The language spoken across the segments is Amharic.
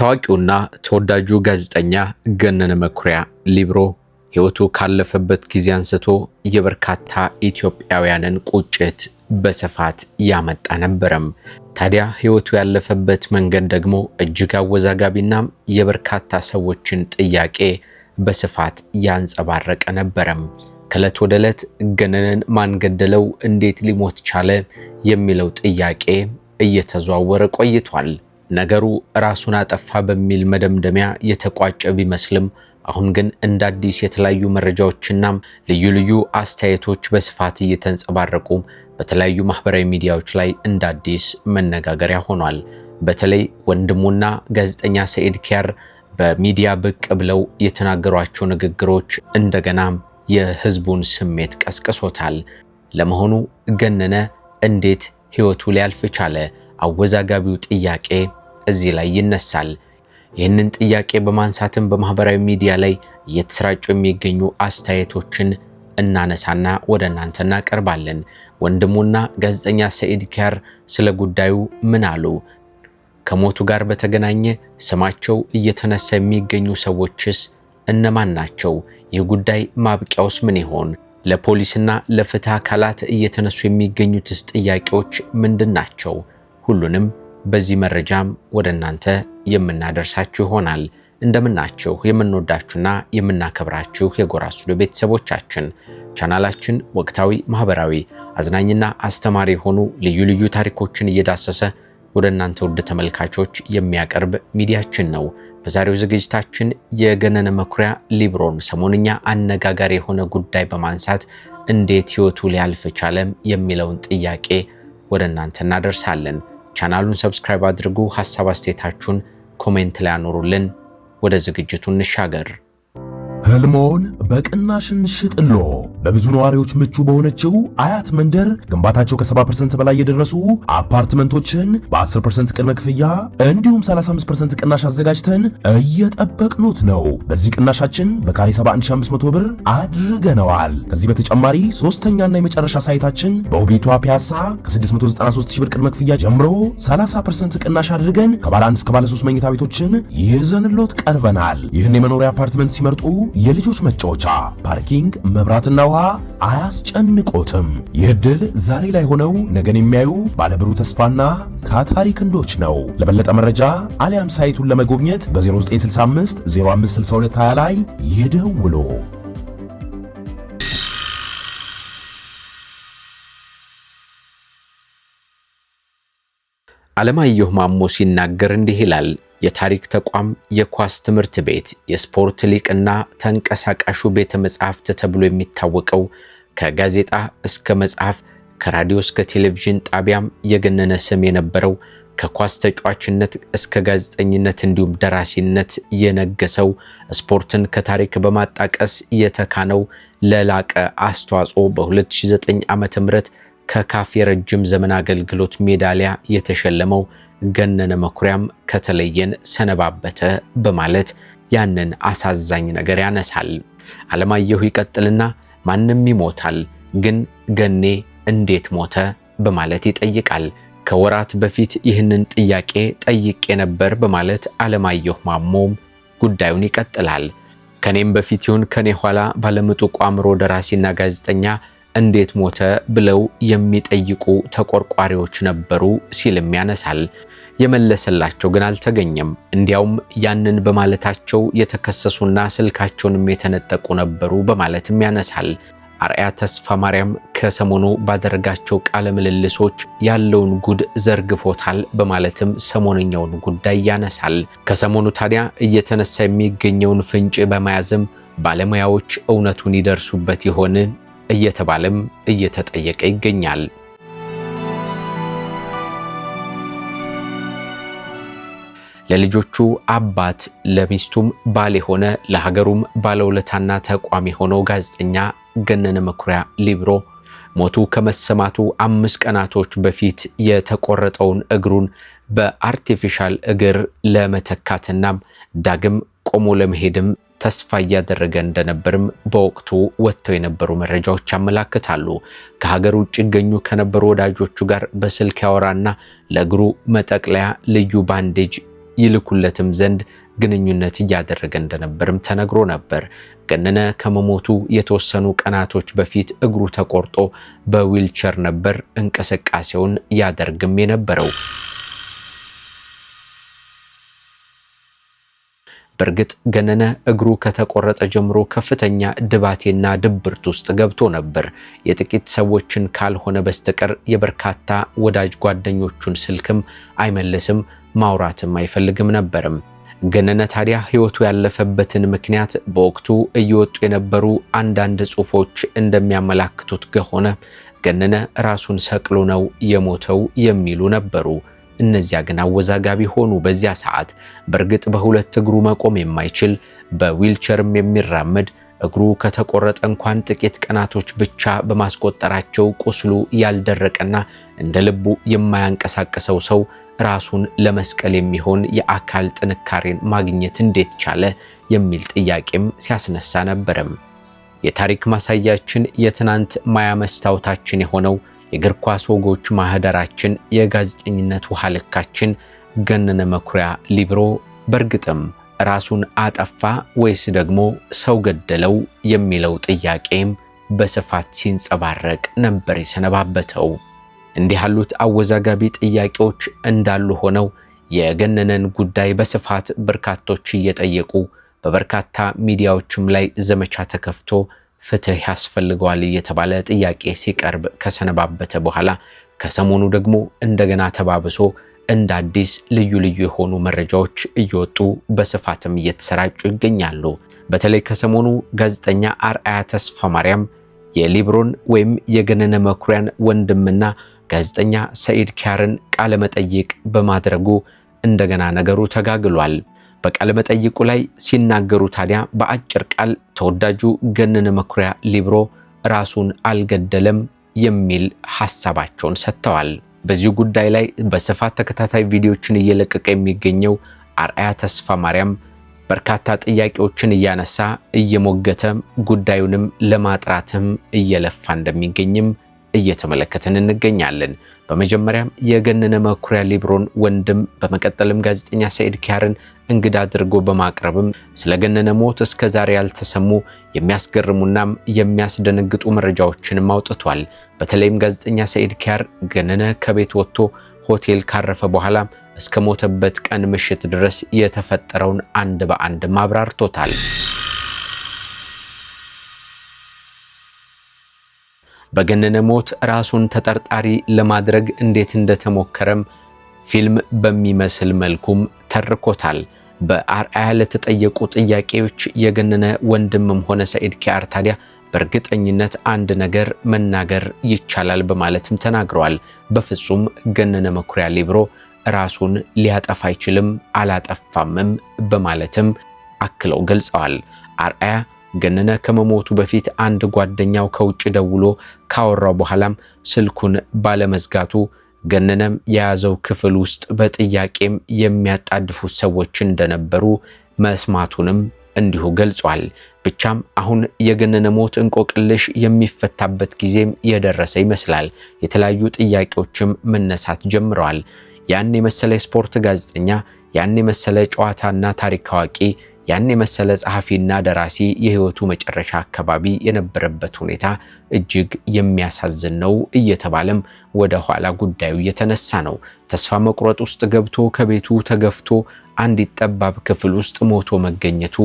ታዋቂውና ተወዳጁ ጋዜጠኛ ገነነ መኩሪያ ሊብሮ ሕይወቱ ካለፈበት ጊዜ አንስቶ የበርካታ ኢትዮጵያውያንን ቁጭት በስፋት ያመጣ ነበረም። ታዲያ ሕይወቱ ያለፈበት መንገድ ደግሞ እጅግ አወዛጋቢና የበርካታ ሰዎችን ጥያቄ በስፋት ያንጸባረቀ ነበረም። ከእለት ወደ ዕለት ገነነን ማን ገደለው፣ እንዴት ሊሞት ቻለ የሚለው ጥያቄ እየተዘዋወረ ቆይቷል። ነገሩ ራሱን አጠፋ በሚል መደምደሚያ የተቋጨ ቢመስልም አሁን ግን እንደ አዲስ የተለያዩ መረጃዎችና ልዩ ልዩ አስተያየቶች በስፋት እየተንጸባረቁ በተለያዩ ማህበራዊ ሚዲያዎች ላይ እንደ አዲስ መነጋገሪያ ሆኗል። በተለይ ወንድሙና ጋዜጠኛ ሰኢድ ኪያር በሚዲያ ብቅ ብለው የተናገሯቸው ንግግሮች እንደገና የህዝቡን ስሜት ቀስቅሶታል። ለመሆኑ ገነነ እንዴት ህይወቱ ሊያልፍ ቻለ? አወዛጋቢው ጥያቄ እዚህ ላይ ይነሳል። ይህንን ጥያቄ በማንሳትም በማህበራዊ ሚዲያ ላይ እየተሰራጩ የሚገኙ አስተያየቶችን እናነሳና ወደ እናንተ እናቀርባለን። ወንድሙና ጋዜጠኛ ሰኢድ ኪያር ስለ ጉዳዩ ምን አሉ? ከሞቱ ጋር በተገናኘ ስማቸው እየተነሳ የሚገኙ ሰዎችስ እነማን ናቸው? ይህ ጉዳይ ማብቂያውስ ምን ይሆን? ለፖሊስና ለፍትህ አካላት እየተነሱ የሚገኙትስ ጥያቄዎች ምንድን ናቸው? ሁሉንም በዚህ መረጃም ወደ እናንተ የምናደርሳችሁ ይሆናል። እንደምናችሁ የምንወዳችሁና የምናከብራችሁ የጎራ ስቱዲዮ ቤተሰቦቻችን ቻናላችን ወቅታዊ፣ ማህበራዊ፣ አዝናኝና አስተማሪ የሆኑ ልዩ ልዩ ታሪኮችን እየዳሰሰ ወደ እናንተ ውድ ተመልካቾች የሚያቀርብ ሚዲያችን ነው። በዛሬው ዝግጅታችን የገነነ መኩሪያ ሊብሮን ሰሞንኛ አነጋጋሪ የሆነ ጉዳይ በማንሳት እንዴት ህይወቱ ሊያልፍ ቻለም የሚለውን ጥያቄ ወደ እናንተ እናደርሳለን። ቻናሉን ሰብስክራይብ አድርጉ። ሀሳብ አስተያየታችሁን ኮሜንት ላይ አኖሩልን። ወደ ዝግጅቱ እንሻገር። ህልሞን በቅናሽን ሽጥሎ በብዙ ነዋሪዎች ምቹ በሆነችው አያት መንደር ግንባታቸው ከ70% በላይ የደረሱ አፓርትመንቶችን በ10% ቅድመ ክፍያ እንዲሁም 35% ቅናሽ አዘጋጅተን እየጠበቅኑት ነው። በዚህ ቅናሻችን በካሬ 71500 ብር አድርገነዋል። ከዚህ በተጨማሪ ሶስተኛና የመጨረሻ ሳይታችን በውቤቷ ፒያሳ ከ693000 ብር ቅድመ ክፍያ ጀምሮ 30% ቅናሽ አድርገን ከባለ አንድ እስከ ባለ 3 መኝታ ቤቶችን ይዘንሎት ቀርበናል። ይህን የመኖሪያ አፓርትመንት ሲመርጡ የልጆች መጫወቻ፣ ፓርኪንግ፣ መብራትና ውሃ አያስጨንቆትም። ይህ ዕድል ዛሬ ላይ ሆነው ነገን የሚያዩ ባለብሩህ ተስፋና ታታሪ ክንዶች ነው። ለበለጠ መረጃ አሊያም ሳይቱን ለመጎብኘት በ0965 0562 ላይ ይደውሉ። አለማየሁ ማሞ ሲናገር እንዲህ ይላል። የታሪክ ተቋም፣ የኳስ ትምህርት ቤት፣ የስፖርት ሊቅና ተንቀሳቃሹ ቤተ መጻሕፍት ተብሎ የሚታወቀው ከጋዜጣ እስከ መጽሐፍ ከራዲዮ እስከ ቴሌቪዥን ጣቢያም የገነነ ስም የነበረው ከኳስ ተጫዋችነት እስከ ጋዜጠኝነት እንዲሁም ደራሲነት የነገሰው ስፖርትን ከታሪክ በማጣቀስ የተካነው ለላቀ አስተዋጽኦ በ2009 ም ከካፍ የረጅም ዘመን አገልግሎት ሜዳሊያ የተሸለመው ገነነ መኩሪያም ከተለየን ሰነባበተ በማለት ያንን አሳዛኝ ነገር ያነሳል። አለማየሁ ይቀጥልና ማንም ይሞታል፣ ግን ገኔ እንዴት ሞተ በማለት ይጠይቃል። ከወራት በፊት ይህንን ጥያቄ ጠይቄ ነበር በማለት አለማየሁ ማሞም ጉዳዩን ይቀጥላል። ከኔም በፊት ይሁን ከኔ ኋላ ባለምጡቅ አእምሮ ደራሲና ጋዜጠኛ እንዴት ሞተ ብለው የሚጠይቁ ተቆርቋሪዎች ነበሩ ሲልም ያነሳል። የመለሰላቸው ግን አልተገኘም። እንዲያውም ያንን በማለታቸው የተከሰሱና ስልካቸውንም የተነጠቁ ነበሩ በማለትም ያነሳል። አርያ ተስፋ ማርያም ከሰሞኑ ባደረጋቸው ቃለ ምልልሶች ያለውን ጉድ ዘርግፎታል በማለትም ሰሞነኛውን ጉዳይ ያነሳል። ከሰሞኑ ታዲያ እየተነሳ የሚገኘውን ፍንጭ በመያዝም ባለሙያዎች እውነቱን ይደርሱበት ይሆን እየተባለም እየተጠየቀ ይገኛል። ለልጆቹ አባት ለሚስቱም ባል የሆነ ለሀገሩም ባለውለታና ተቋም የሆነው ጋዜጠኛ ገነነ መኩሪያ ሊብሮ ሞቱ ከመሰማቱ አምስት ቀናቶች በፊት የተቆረጠውን እግሩን በአርቲፊሻል እግር ለመተካትናም ዳግም ቆሞ ለመሄድም ተስፋ እያደረገ እንደነበርም በወቅቱ ወጥተው የነበሩ መረጃዎች ያመላክታሉ። ከሀገር ውጭ ይገኙ ከነበሩ ወዳጆቹ ጋር በስልክ ያወራና ለእግሩ መጠቅለያ ልዩ ባንዴጅ ይልኩለትም ዘንድ ግንኙነት እያደረገ እንደነበርም ተነግሮ ነበር። ገነነ ከመሞቱ የተወሰኑ ቀናቶች በፊት እግሩ ተቆርጦ በዊልቸር ነበር እንቅስቃሴውን ያደርግም የነበረው። በእርግጥ ገነነ እግሩ ከተቆረጠ ጀምሮ ከፍተኛ ድባቴና ድብርት ውስጥ ገብቶ ነበር። የጥቂት ሰዎችን ካልሆነ በስተቀር የበርካታ ወዳጅ ጓደኞቹን ስልክም አይመልስም፣ ማውራትም አይፈልግም ነበርም። ገነነ ታዲያ ሕይወቱ ያለፈበትን ምክንያት በወቅቱ እየወጡ የነበሩ አንዳንድ ጽሑፎች እንደሚያመላክቱት ከሆነ ገነነ ራሱን ሰቅሎ ነው የሞተው የሚሉ ነበሩ። እነዚያ ግን አወዛጋቢ ሆኑ። በዚያ ሰዓት በእርግጥ በሁለት እግሩ መቆም የማይችል በዊልቸርም የሚራመድ እግሩ ከተቆረጠ እንኳን ጥቂት ቀናቶች ብቻ በማስቆጠራቸው ቁስሉ ያልደረቀና እንደ ልቡ የማያንቀሳቅሰው ሰው ራሱን ለመስቀል የሚሆን የአካል ጥንካሬን ማግኘት እንዴት ቻለ የሚል ጥያቄም ሲያስነሳ ነበረም። የታሪክ ማሳያችን የትናንት ማያ መስታወታችን የሆነው የእግር ኳስ ወጎቹ ማህደራችን፣ የጋዜጠኝነት ውሃ ልካችን ገነነ መኩሪያ ሊብሮ በእርግጥም ራሱን አጠፋ ወይስ ደግሞ ሰው ገደለው የሚለው ጥያቄም በስፋት ሲንጸባረቅ ነበር የሰነባበተው። እንዲህ ያሉት አወዛጋቢ ጥያቄዎች እንዳሉ ሆነው የገነነን ጉዳይ በስፋት በርካቶች እየጠየቁ በበርካታ ሚዲያዎችም ላይ ዘመቻ ተከፍቶ ፍትህ ያስፈልገዋል እየተባለ ጥያቄ ሲቀርብ ከሰነባበተ በኋላ ከሰሞኑ ደግሞ እንደገና ተባብሶ እንደ አዲስ ልዩ ልዩ የሆኑ መረጃዎች እየወጡ በስፋትም እየተሰራጩ ይገኛሉ። በተለይ ከሰሞኑ ጋዜጠኛ አርአያ ተስፋ ማርያም የሊብሮን ወይም የገነነ መኩሪያን ወንድምና ጋዜጠኛ ሰኢድ ኪያርን ቃለ መጠይቅ በማድረጉ እንደገና ነገሩ ተጋግሏል። በቃለመጠይቁ ላይ ሲናገሩ ታዲያ በአጭር ቃል ተወዳጁ ገነነ መኩሪያ ሊብሮ ራሱን አልገደለም የሚል ሐሳባቸውን ሰጥተዋል። በዚሁ ጉዳይ ላይ በስፋት ተከታታይ ቪዲዮዎችን እየለቀቀ የሚገኘው አርአያ ተስፋ ማርያም በርካታ ጥያቄዎችን እያነሳ እየሞገተ ጉዳዩንም ለማጥራትም እየለፋ እንደሚገኝም እየተመለከትን እንገኛለን። በመጀመሪያም የገነነ መኩሪያ ሊብሮን ወንድም በመቀጠልም ጋዜጠኛ ሰኢድ ኪያርን እንግዳ አድርጎ በማቅረብም ስለ ገነነ ሞት እስከ ዛሬ ያልተሰሙ የሚያስገርሙናም የሚያስደነግጡ መረጃዎችንም አውጥቷል። በተለይም ጋዜጠኛ ሰኢድ ኪያር ገነነ ከቤት ወጥቶ ሆቴል ካረፈ በኋላ እስከ ሞተበት ቀን ምሽት ድረስ የተፈጠረውን አንድ በአንድ አብራርቶታል። በገነነ ሞት ራሱን ተጠርጣሪ ለማድረግ እንዴት እንደተሞከረም ፊልም በሚመስል መልኩም ተርኮታል። በአርአያ ለተጠየቁ ጥያቄዎች የገነነ ወንድምም ሆነ ሰኢድ ኪያር ታዲያ በእርግጠኝነት አንድ ነገር መናገር ይቻላል በማለትም ተናግረዋል። በፍጹም ገነነ መኩሪያ ሊብሮ ራሱን ሊያጠፋ አይችልም፣ አላጠፋምም በማለትም አክለው ገልጸዋል። አርአያ ገነነ ከመሞቱ በፊት አንድ ጓደኛው ከውጭ ደውሎ ካወራው በኋላም ስልኩን ባለመዝጋቱ ገነነም የያዘው ክፍል ውስጥ በጥያቄም የሚያጣድፉት ሰዎች እንደነበሩ መስማቱንም እንዲሁ ገልጿል። ብቻም አሁን የገነነ ሞት እንቆቅልሽ የሚፈታበት ጊዜም የደረሰ ይመስላል። የተለያዩ ጥያቄዎችም መነሳት ጀምረዋል። ያን የመሰለ የስፖርት ጋዜጠኛ፣ ያን የመሰለ ጨዋታና ታሪክ አዋቂ ያን የመሰለ ጸሐፊና ደራሲ የህይወቱ መጨረሻ አካባቢ የነበረበት ሁኔታ እጅግ የሚያሳዝን ነው እየተባለም ወደ ኋላ ጉዳዩ እየተነሳ ነው። ተስፋ መቁረጥ ውስጥ ገብቶ ከቤቱ ተገፍቶ አንዲት ጠባብ ክፍል ውስጥ ሞቶ መገኘቱ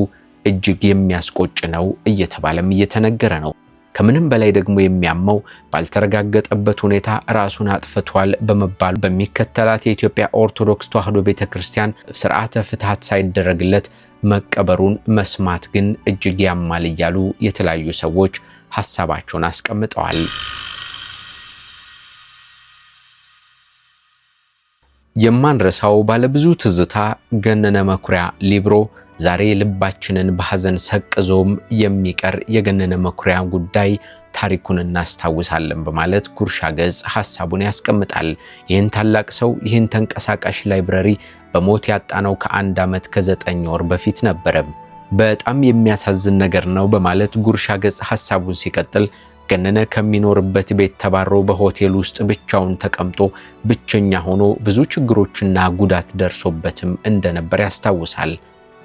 እጅግ የሚያስቆጭ ነው እየተባለም እየተነገረ ነው። ከምንም በላይ ደግሞ የሚያመው ባልተረጋገጠበት ሁኔታ ራሱን አጥፍቷል በመባሉ በሚከተላት የኢትዮጵያ ኦርቶዶክስ ተዋሕዶ ቤተ ክርስቲያን ስርዓተ ፍትሐት ሳይደረግለት መቀበሩን መስማት ግን እጅግ ያማል እያሉ የተለያዩ ሰዎች ሀሳባቸውን አስቀምጠዋል። የማንረሳው ባለብዙ ትዝታ ገነነ መኩሪያ ሊብሮ ዛሬ ልባችንን በሐዘን ሰቅዞም የሚቀር የገነነ መኩሪያ ጉዳይ ታሪኩን እናስታውሳለን በማለት ጉርሻ ገጽ ሐሳቡን ያስቀምጣል። ይህን ታላቅ ሰው ይህን ተንቀሳቃሽ ላይብረሪ በሞት ያጣነው ከአንድ ዓመት ከዘጠኝ ወር በፊት ነበረ። በጣም የሚያሳዝን ነገር ነው በማለት ጉርሻ ገጽ ሐሳቡን ሲቀጥል ገነነ ከሚኖርበት ቤት ተባሮ በሆቴል ውስጥ ብቻውን ተቀምጦ ብቸኛ ሆኖ ብዙ ችግሮችና ጉዳት ደርሶበትም እንደነበር ያስታውሳል።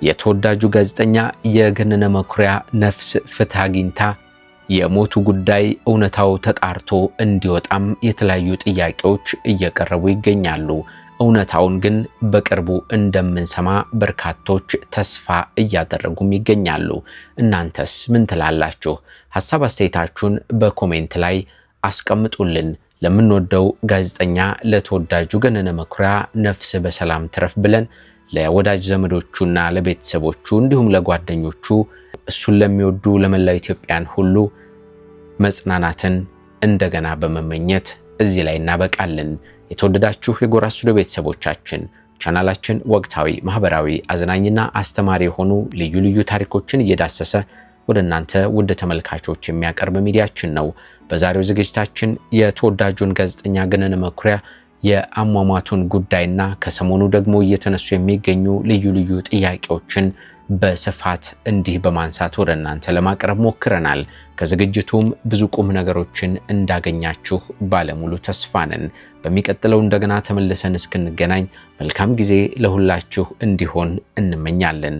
የተወዳጁ ጋዜጠኛ የገነነ መኩሪያ ነፍስ ፍትህ አግኝታ የሞቱ ጉዳይ እውነታው ተጣርቶ እንዲወጣም የተለያዩ ጥያቄዎች እየቀረቡ ይገኛሉ። እውነታውን ግን በቅርቡ እንደምንሰማ በርካቶች ተስፋ እያደረጉም ይገኛሉ። እናንተስ ምን ትላላችሁ? ሀሳብ አስተያየታችሁን በኮሜንት ላይ አስቀምጡልን። ለምንወደው ጋዜጠኛ ለተወዳጁ ገነነ መኩሪያ ነፍስ በሰላም ትረፍ ብለን ለወዳጅ ዘመዶቹና ለቤተሰቦቹ እንዲሁም ለጓደኞቹ እሱን ለሚወዱ ለመላው ኢትዮጵያን ሁሉ መጽናናትን እንደገና በመመኘት እዚህ ላይ እናበቃለን። የተወደዳችሁ የጎራ ስቱዲዮ ቤተሰቦቻችን ቻናላችን ወቅታዊ፣ ማህበራዊ፣ አዝናኝና አስተማሪ የሆኑ ልዩ ልዩ ታሪኮችን እየዳሰሰ ወደ እናንተ ውድ ተመልካቾች የሚያቀርብ ሚዲያችን ነው። በዛሬው ዝግጅታችን የተወዳጁን ጋዜጠኛ ገነነ መኩሪያ የአሟሟቱን ጉዳይና ከሰሞኑ ደግሞ እየተነሱ የሚገኙ ልዩ ልዩ ጥያቄዎችን በስፋት እንዲህ በማንሳት ወደ እናንተ ለማቅረብ ሞክረናል። ከዝግጅቱም ብዙ ቁም ነገሮችን እንዳገኛችሁ ባለሙሉ ተስፋ ነን። በሚቀጥለው እንደገና ተመልሰን እስክንገናኝ መልካም ጊዜ ለሁላችሁ እንዲሆን እንመኛለን።